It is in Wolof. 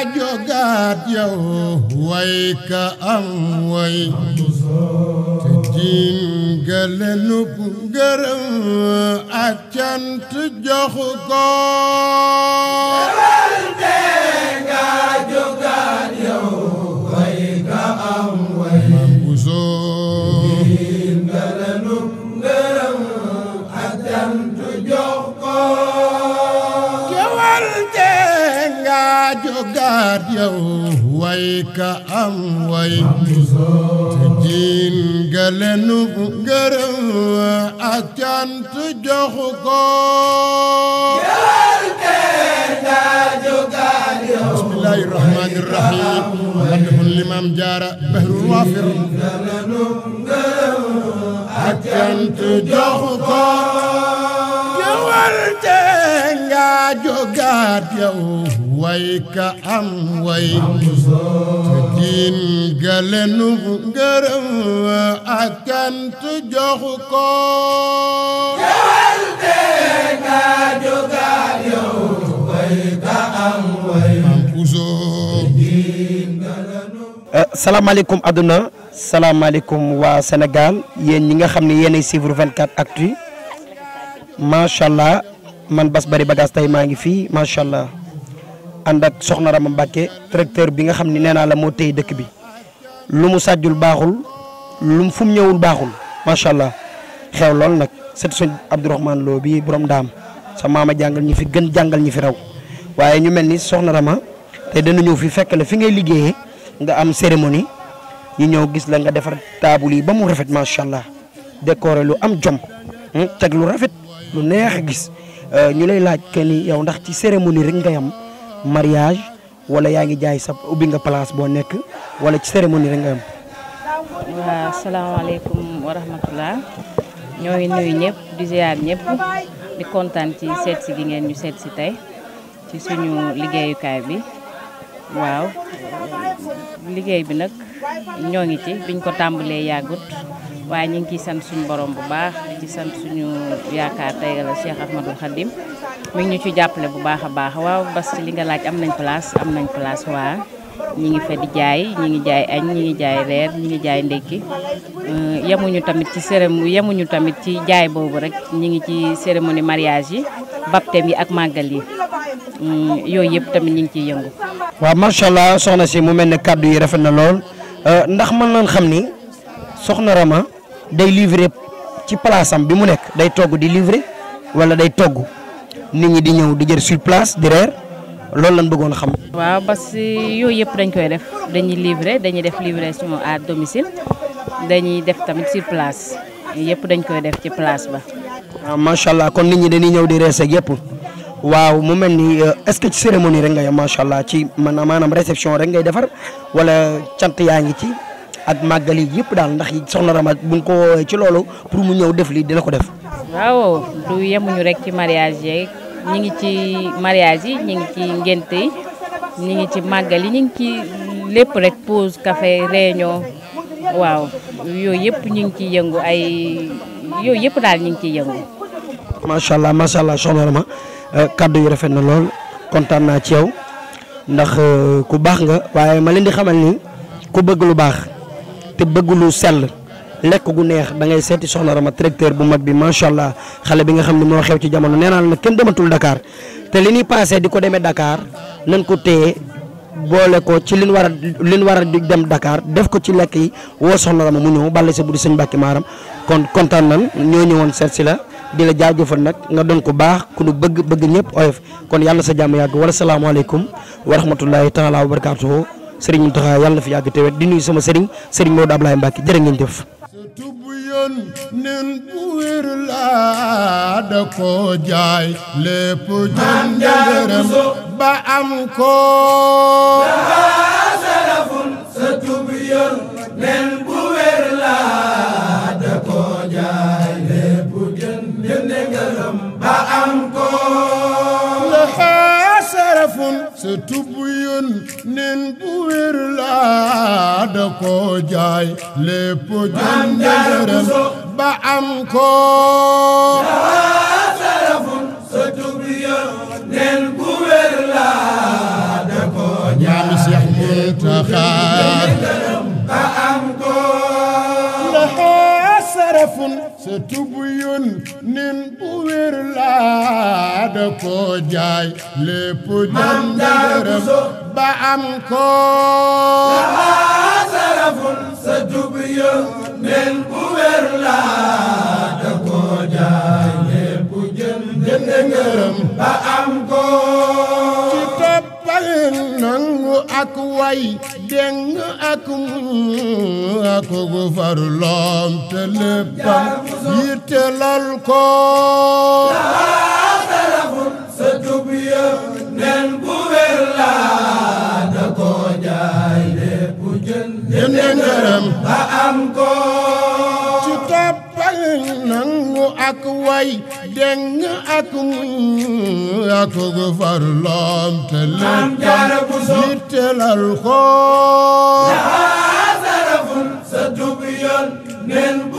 yaa jogaat yow way ka am way të diin galenub ngërëm ak cant jox ko jogaat yow way ka am way te jiin ga lenu ngërëm ak cant joxu ko bismillahi rahmani rahim madhun limam jaara bahrul wayka ka am way te diin galenu ngërëm ak cant jox ko jawante ka joga yow way ka am way euh, salaamaaleykum àdduna salaamaaleykum waa senegaal yéen ñi nga xam ne yéenay suivre 24 actu macha allah man Bass Bari Bagage tey maa ngi fii macha allah. ànd ak soxna Rama Mbacke tracteur bi nga xam ni nee naa la moo téye dëkk bi lu mu sàjjul baaxul lu mu fu mu ñëwul baaxul macha allah xew lool nag sët suñ Abdourahmane bi borom daam sa maama jàngal ñi fi gën jàngal ñi fi raw waaye ñu mel ni soxna Rama te dana ñëw fi fekk la fi ngay liggéeyee nga am cérémonie ñu ñëw gis la nga defar taabul yi ba mu rafet macha allah décorer lu am jom hmm, teg lu rafet lu neex a gis euh, ñu lay laaj kenn ni yow ndax ci cérémonie rek nga yam mariyage wala yaa ngi jaay sa ubbi nga place boo nekk wala ci cérémonie rek nga am. waaw asalaamaaleykum wa rahmatullah ñoo ngi nuyu ñëpp di ziar ñëpp di kontaan ci seetsi gi ngeen ñu seet si tey ci suñu liggéeyukaay bi waaw liggéey bi nag ñoo ngi ci biñ ko tàmbalee yàggut. waaye ñu ngi ciy sant suñu borom bu baax ci sant suñu yaakaar tey la Cheikh Ahmadou Khadim mi ngi ñu ci jàppale bu baax a baax waaw bas li nga laaj am nañ place am nañ place waa ñi ngi fa di jaay ñi ngi jaay añ ñi ngi jaay reer ñi ngi jaay ndekki euh, yemuñu tamit ci cérémonie yemuñu tamit ci jaay boobu rek ñi ngi ci cérémonie mariage yi baptême yi ak màggal yi hmm, yooyu yëpp tamit ñi ngi ciy yëngu. waaw macha soxna si mu mel ne kàddu yi rafet na lool euh, ndax mën nañ xam ni day livrer ci place bi mu nekk day togg di livre wala day togg nit ñi di ñëw di jël sur place di reer loolu lañ bëggoon xam. waaw parce que yooyu yëpp dañ koy def dañuy livrer dañuy def suma à domicile dañuy def tamit sur place yëpp dañ koy def ci place ba. waaw ah, macha allah kon nit ñi dañuy ñëw di rees ak yëpp. waaw mu mel ni euh, est-ce que ci cérémonie rek nga yem macha allah ci maanaam réception rek ngay defar wala cant yaa ngi ci. ak màggal yi yëpp daal ndax soxna Rama buñ ko woowee ci loolu pour mu ñëw def lii dina ko def. waaw du yemuñu rek ci mariage yeeg ñi ngi ci mariage yi ñi ngi ci ngénte yi ñi ngi ci màggal yi ñi ci lépp rek pose café réunion waaw yooyu yëpp ñu ngi ciy yëngu ay yooyu yëpp daal ñu ngi ciy yëngu. macha allah macha allah soxna Rama euh, kaddu yi rafet na lool kontaan ci yow ndax euh, ku baax nga waaye ma leen di xamal ni ku bëgg lu baax. te bëgg lu sell lekk gu neex da ngay seeti soxna Rama tracteur bu mag bi macha allah xale bi nga xam ne moo xew ci jamono nee naa la kenn dematul Dakar te li ñuy passé di ko demee dakaar nañ ko téye boole ko ci liñ war a liñ war a di dem dakaar def ko ci lekk yi woo soxna Rama mu ñëw bàlle sa buddi sëñ Mbàkke Maaram kon kontaan nañ ñoo ñëwoon seet si la di la jaajëfal nag nga doon ko baax ku nu bëgg bëgg ñëpp oyof kon yàlla sa jàmm yàgg wala salaamualeykum wa rahmatullahi taala wa barakaatuhu sëriñ Mountakha yàlla na fi yàgg te wet di nuyu sama sëriñ sëriñ Maodo Ablaye Mbacke jërë ngeen jëf. yoon nin bu wér laa da ko jaay lépp ba am ko surtout bu yónneen bu wér laa da koo jaay lépp jënd dërëm ba am ko. setub yun ko yun nin bu wér laa da koo jaay lépp jëndërëm ba am ko ci toppal nangu ak way deng ak muñ ak farloom te lépp yitte lal ko laxun sa tub yëpp nen bu wér la da ko jaay lépp jël jënde ngërëm ko ngeen